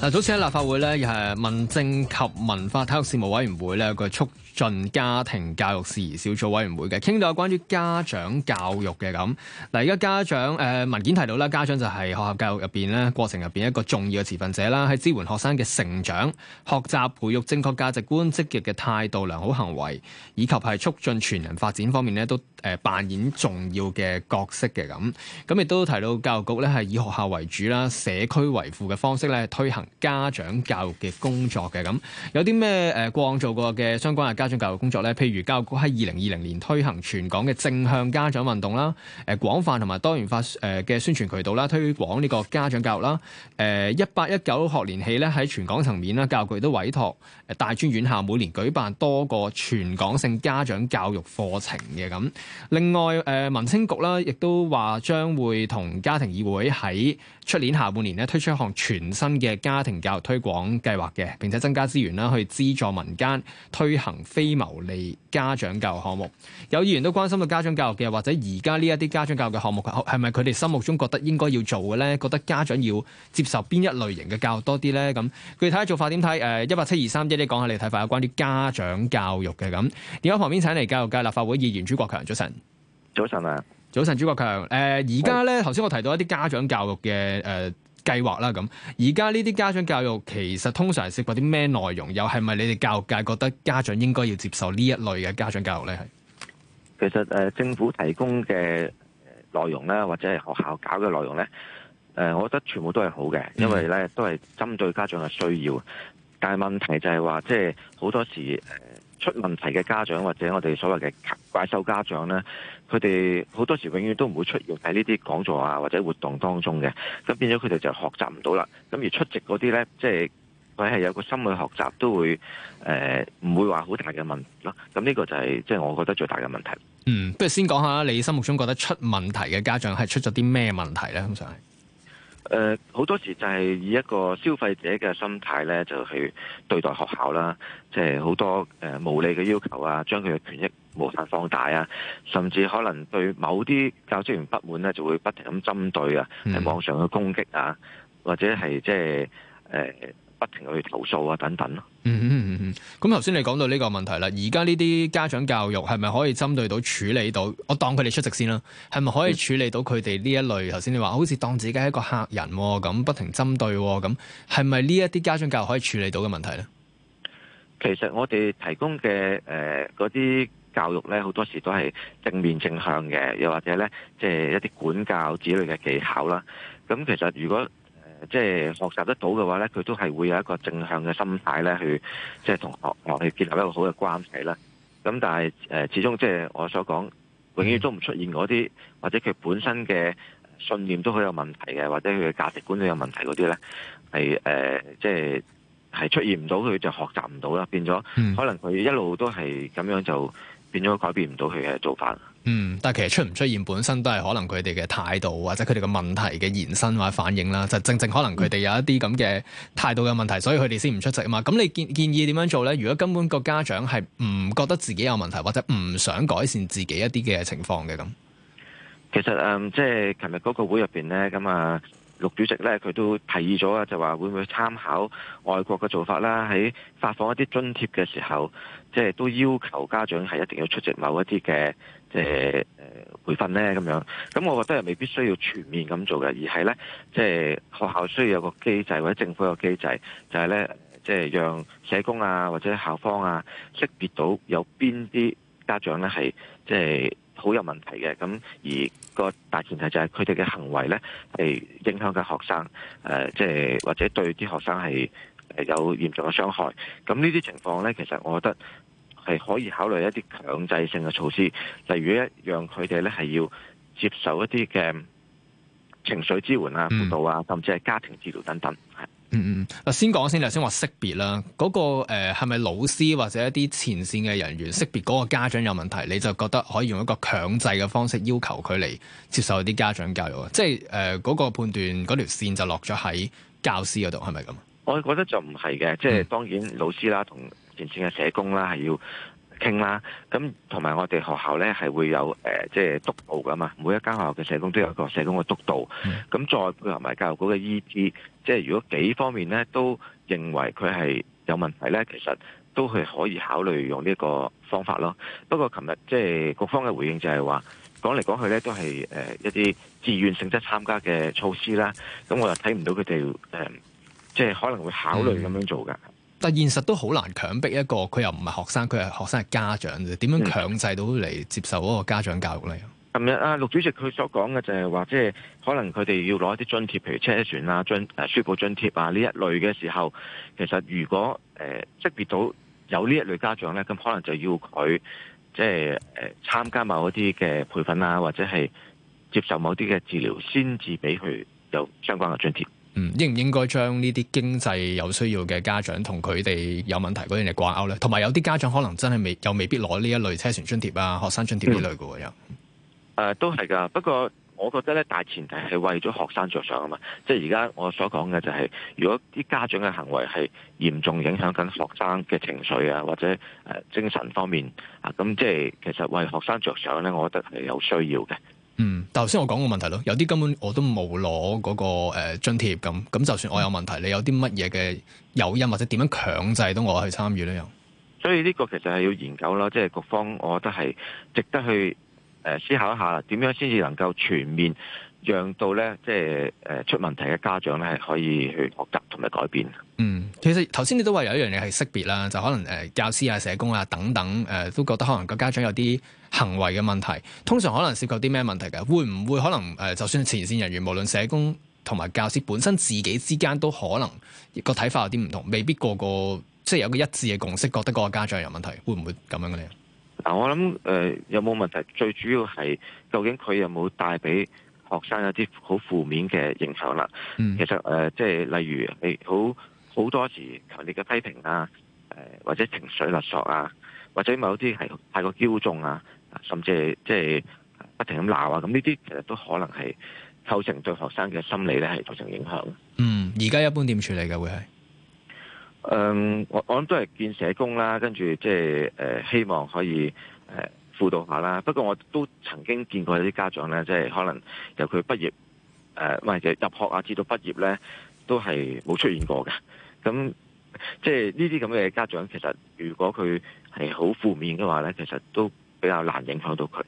嗱，早前喺立法會咧，又係民政及文化體育事務委員會咧，個促進家庭教育事宜小組委員會嘅，傾到有關於家長教育嘅咁。嗱，而家家長誒、呃，文件提到啦，家長就係學校教育入邊咧，過程入邊一個重要嘅持份者啦，喺支援學生嘅成長、學習、培育正確價值觀、積極嘅態度、良好行為，以及係促進全人發展方面咧，都誒扮演重要嘅角色嘅咁。咁亦都提到教育局咧，係以學校為主啦，社區為輔嘅方式咧，推行。家長教育嘅工作嘅咁，有啲咩誒過往做過嘅相關嘅家長教育工作呢？譬如教育局喺二零二零年推行全港嘅正向家長運動啦，誒廣泛同埋多元化誒嘅宣傳渠道啦，推廣呢個家長教育啦。誒一八一九學年起咧，喺全港層面啦，教育局都委託誒大專院校每年舉辦多個全港性家長教育課程嘅咁。另外誒民青局啦，亦都話將會同家庭議會喺出年下半年咧，推出一項全新嘅家家庭教育推廣計劃嘅，並且增加資源啦，去資助民間推行非牟利家長教育項目。有議員都關心到家長教育嘅，或者而家呢一啲家長教育嘅項目，係咪佢哋心目中覺得應該要做嘅咧？覺得家長要接受邊一類型嘅教育多啲咧？咁，具體做法點睇？誒，uh, 1, 一八七二三一，你講下你睇法有關啲家長教育嘅咁。電話旁邊請嚟教育界立法會議員朱國強，早晨。早晨啊，早晨，朱國強。誒、uh,，而家咧，頭先我提到一啲家長教育嘅誒。Uh, 計劃啦咁，而家呢啲家長教育其實通常涉及啲咩內容？又係咪你哋教育界覺得家長應該要接受呢一類嘅家長教育呢？咧？其實誒、呃，政府提供嘅內容咧，或者係學校搞嘅內容呢，誒、呃，我覺得全部都係好嘅，因為呢都係針對家長嘅需要。但係問題就係話，即係好多時出問題嘅家長或者我哋所謂嘅怪獸家長呢。佢哋好多時永遠都唔會出現喺呢啲講座啊，或者活動當中嘅，咁變咗佢哋就學習唔到啦。咁而出席嗰啲呢，即係佢係有個心理學習，都會誒唔、呃、會話好大嘅問題咯。咁呢個就係即係我覺得最大嘅問題。嗯，不如先講下你心目中覺得出問題嘅家長係出咗啲咩問題呢？通常係。誒好、呃、多時就係以一個消費者嘅心態咧，就去對待學校啦，即係好多誒、呃、無理嘅要求啊，將佢嘅權益無限放大啊，甚至可能對某啲教職員不滿咧，就會不停咁針對啊，喺網上嘅攻擊啊，或者係即係誒，不停去投訴啊，等等咯、嗯。嗯嗯嗯嗯。咁頭先你講到呢個問題啦，而家呢啲家長教育係咪可以針對到處理到？我當佢哋出席先啦，係咪可以處理到佢哋呢一類？頭先、嗯、你話好似當自己係一個客人咁，不停針對咁，係咪呢一啲家長教育可以處理到嘅問題呢？其實我哋提供嘅誒嗰啲教育呢，好多時都係正面正向嘅，又或者呢，即、就、係、是、一啲管教之類嘅技巧啦。咁其實如果即係學習得到嘅話咧，佢都係會有一個正向嘅心態咧，去即係同學學去建立一個好嘅關係啦。咁但係誒，始終即係我所講，永遠都唔出現嗰啲，或者佢本身嘅信念都好有問題嘅，或者佢嘅價值觀都有問題嗰啲咧，係誒，即係係出現唔到，佢就學習唔到啦。變咗可能佢一路都係咁樣就。變咗改變唔到佢嘅做法。嗯，但係其實出唔出現本身都係可能佢哋嘅態度或者佢哋嘅問題嘅延伸或者反映啦，就正正可能佢哋有一啲咁嘅態度嘅問題，所以佢哋先唔出席啊嘛。咁你建建議點樣做咧？如果根本個家長係唔覺得自己有問題或者唔想改善自己一啲嘅情況嘅咁，其實誒，即係琴日嗰個會入邊咧，咁、嗯、啊。陸主席咧，佢都提議咗啊，就話會唔會參考外國嘅做法啦？喺發放一啲津貼嘅時候，即係都要求家長係一定要出席某一啲嘅即係誒培訓咧，咁樣。咁我覺得係未必需要全面咁做嘅，而係咧，即係學校需要有個機制或者政府有個機制，就係咧，即係讓社工啊或者校方啊識別到有邊啲家長咧係即係。就是好有問題嘅，咁而個大前提就係佢哋嘅行為咧，係影響緊學生，誒、呃，即係或者對啲學生係有嚴重嘅傷害。咁呢啲情況咧，其實我覺得係可以考慮一啲強制性嘅措施，例如一讓佢哋咧，係要接受一啲嘅情緒支援啊、輔導啊，甚至係家庭治療等等。嗯嗯，嗱先講先啦，先話識別啦，嗰個誒係咪老師或者一啲前線嘅人員識別嗰個家長有問題，你就覺得可以用一個強制嘅方式要求佢嚟接受啲家長教育，即係誒嗰個判斷嗰條線就落咗喺教師嗰度，係咪咁？我覺得就唔係嘅，即係當然老師啦，同前線嘅社工啦，係要。傾啦，咁同埋我哋學校咧係會有誒，即係督導噶嘛。每一間學校嘅社工都有一個社工嘅督導。咁、嗯、再配合埋教育局嘅意見，即係如果幾方面咧都認為佢係有問題咧，其實都係可以考慮用呢個方法咯。不過琴日即係各方嘅回應就係話，講嚟講去咧都係、呃、一啲自願性質參加嘅措施啦。咁我又睇唔到佢哋誒，即係可能會考慮咁樣做㗎。嗯但現實都好難強迫一個，佢又唔係學生，佢係學生係家長啫。點樣強制到嚟接受嗰個家長教育呢？琴日啊，陸主席佢所講嘅就係話，即係可能佢哋要攞一啲津貼，譬如車船啊、津誒書簿津貼啊呢一類嘅時候，其實如果誒、呃、識別到有呢一類家長呢，咁可能就要佢即係誒參加某啲嘅培訓啊，或者係接受某啲嘅治療，先至俾佢有相關嘅津貼。應唔應該將呢啲經濟有需要嘅家長同佢哋有問題嗰啲嚟掛鈎咧？同埋有啲家長可能真係未又未必攞呢一類車船津貼啊、學生津貼呢類嘅喎，又。誒，都係噶。不過我覺得咧，大前提係為咗學生着想啊嘛。即係而家我所講嘅就係、是，如果啲家長嘅行為係嚴重影響緊學生嘅情緒啊，或者誒、呃、精神方面啊，咁即係其實為學生着想咧，我覺得係有需要嘅。嗯，但頭先我講個問題咯，有啲根本我都冇攞嗰個誒津貼咁，咁就算我有問題，你有啲乜嘢嘅誘因或者點樣強制到我去參與呢？又，所以呢個其實係要研究啦，即係各方，我覺得係值得去誒思考一下，點樣先至能夠全面讓到咧，即係誒出問題嘅家長咧，係可以去學習同埋改變。嗯，其實頭先你都話有一樣嘢係識別啦，就可能誒教師啊、社工啊等等誒，都覺得可能個家長有啲行為嘅問題，通常可能涉及啲咩問題嘅？會唔會可能誒？就算前線人員，無論社工同埋教師本身自己之間，都可能個睇法有啲唔同，未必個個即係有個一致嘅共識，覺得嗰個家長有問題，會唔會咁樣嘅咧？嗱，我諗誒有冇問題，最主要係究竟佢有冇帶俾學生一啲好負面嘅影響啦。嗯、其實誒、呃，即係例如係好好多時強烈嘅批評啊，誒、呃、或者情緒勒索啊。或者某啲係太過驕縱啊，甚至係即係不停咁鬧啊，咁呢啲其實都可能係構成對學生嘅心理咧係造成影響。嗯，而家一般點處理嘅會係？嗯，我我諗都係見社工啦，跟住即係誒希望可以誒、呃、輔導下啦。不過我都曾經見過有啲家長咧，即、就、係、是、可能由佢畢業誒、呃，或者是入學啊至到畢業咧，都係冇出現過嘅。咁、嗯即係呢啲咁嘅家長，其實如果佢係好負面嘅話咧，其實都比較難影響到佢。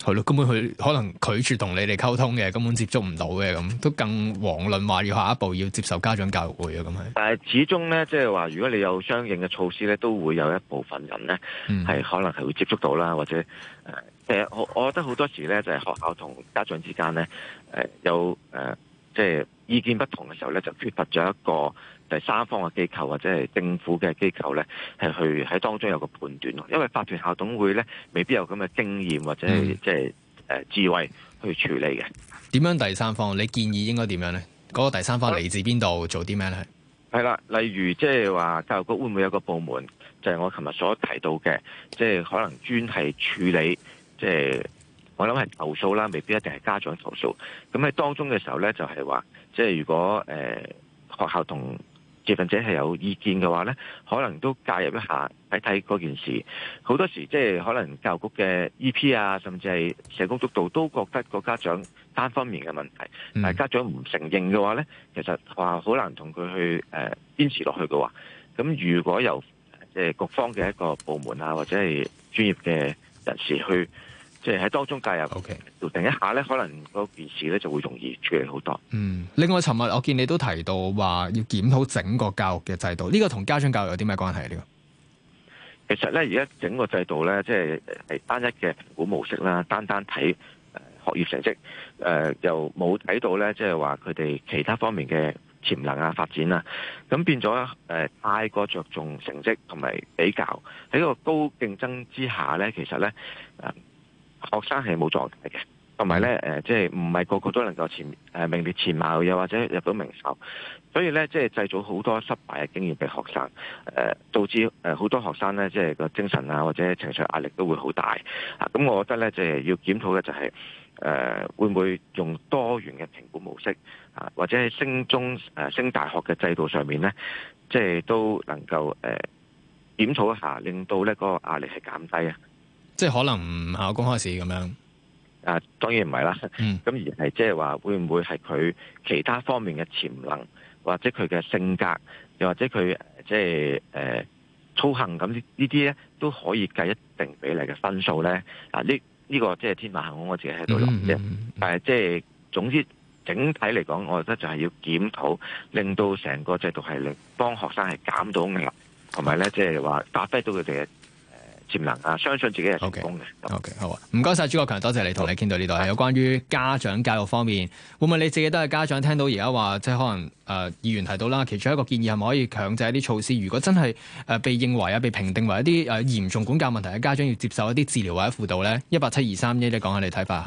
係咯，根本佢可能拒絕同你哋溝通嘅，根本接觸唔到嘅，咁都更遑論話要下一步要接受家長教育會啊，咁樣。但係始終咧，即係話如果你有相應嘅措施咧，都會有一部分人咧係、嗯、可能係會接觸到啦，或者誒，誒、呃，我我覺得好多時咧就係、是、學校同家長之間咧，誒、呃，有誒，即、呃、係。就是意見不同嘅時候咧，就缺乏咗一個第三方嘅機構或者係政府嘅機構咧，係去喺當中有個判斷。因為法團校董會咧，未必有咁嘅經驗或者係即係誒智慧去處理嘅、嗯。點樣第三方？你建議應該點樣咧？嗰、嗰個第三方嚟自邊度？好做啲咩咧？係啦，例如即係話教育局會唔會有一個部門，就係我琴日所提到嘅，即係可能專係處理，即係我諗係投訴啦，未必一定係家長投訴。咁喺當中嘅時候咧，就係話。即係如果誒、呃、學校同接訓者係有意見嘅話咧，可能都介入一下睇睇嗰件事。好多時即係可能教育局嘅 EP 啊，甚至係社工督導都覺得個家長單方面嘅問題，但係家長唔承認嘅話咧，其實學校好難同佢去誒、呃、堅持落去嘅話。咁如果由即係局方嘅一個部門啊，或者係專業嘅人士去。誒喺當中介入，OK，定一下咧，可能件事咧就會容易處理好多。嗯，另外，尋日我見你都提到話要檢討整個教育嘅制度，呢、呢個同家長教育有啲咩關係呢？呢個其實咧，而家整個制度咧，即係係單一嘅評估模式啦，單單睇、呃、學業成績，誒、呃、又冇睇到咧，即係話佢哋其他方面嘅潛能啊、發展啊，咁變咗誒太過著重成績同埋比較喺個高競爭之下咧，其實咧誒。呃學生係冇狀態嘅，同埋咧誒，即係唔係個個都能夠前誒、呃、名列前茅，又或者入到名校，所以咧即係製造好多失敗嘅經驗俾學生誒、呃，導致誒好多學生咧即係個精神啊或者情緒壓力都會好大啊。咁我覺得咧就係、是、要檢討嘅就係、是、誒、呃，會唔會用多元嘅評估模式啊，或者喺升中誒、呃、升大學嘅制度上面咧，即、就、係、是、都能夠誒檢討一下，令到呢、那個壓力係減低啊。即係可能唔考公開試咁樣，啊當然唔係啦，咁、嗯、而係即係話會唔會係佢其他方面嘅潛能，或者佢嘅性格，又或者佢即係誒操行咁呢啲咧都可以計一定比例嘅分數咧。啊呢呢、這個即係天馬行空，我自己喺度諗啫。嗯、但誒即係總之整體嚟講，我覺得就係要檢討，令到成個制度係令幫學生係減到壓力，同埋咧即係話打擊到佢哋。能啊！相信自己係成功嘅。O K，好啊，唔該晒，朱國強，多謝你同你傾到呢度，係好有關於家長教育方面。會唔會你自己都係家長？聽到而家話，即係可能誒、呃，議員提到啦，其中一個建議係咪可以強制一啲措施？如果真係被認為啊，被評定為一啲誒嚴重管教問題嘅家長，要接受一啲治療或者輔導咧？1, 一八七二三一咧，講下你睇法。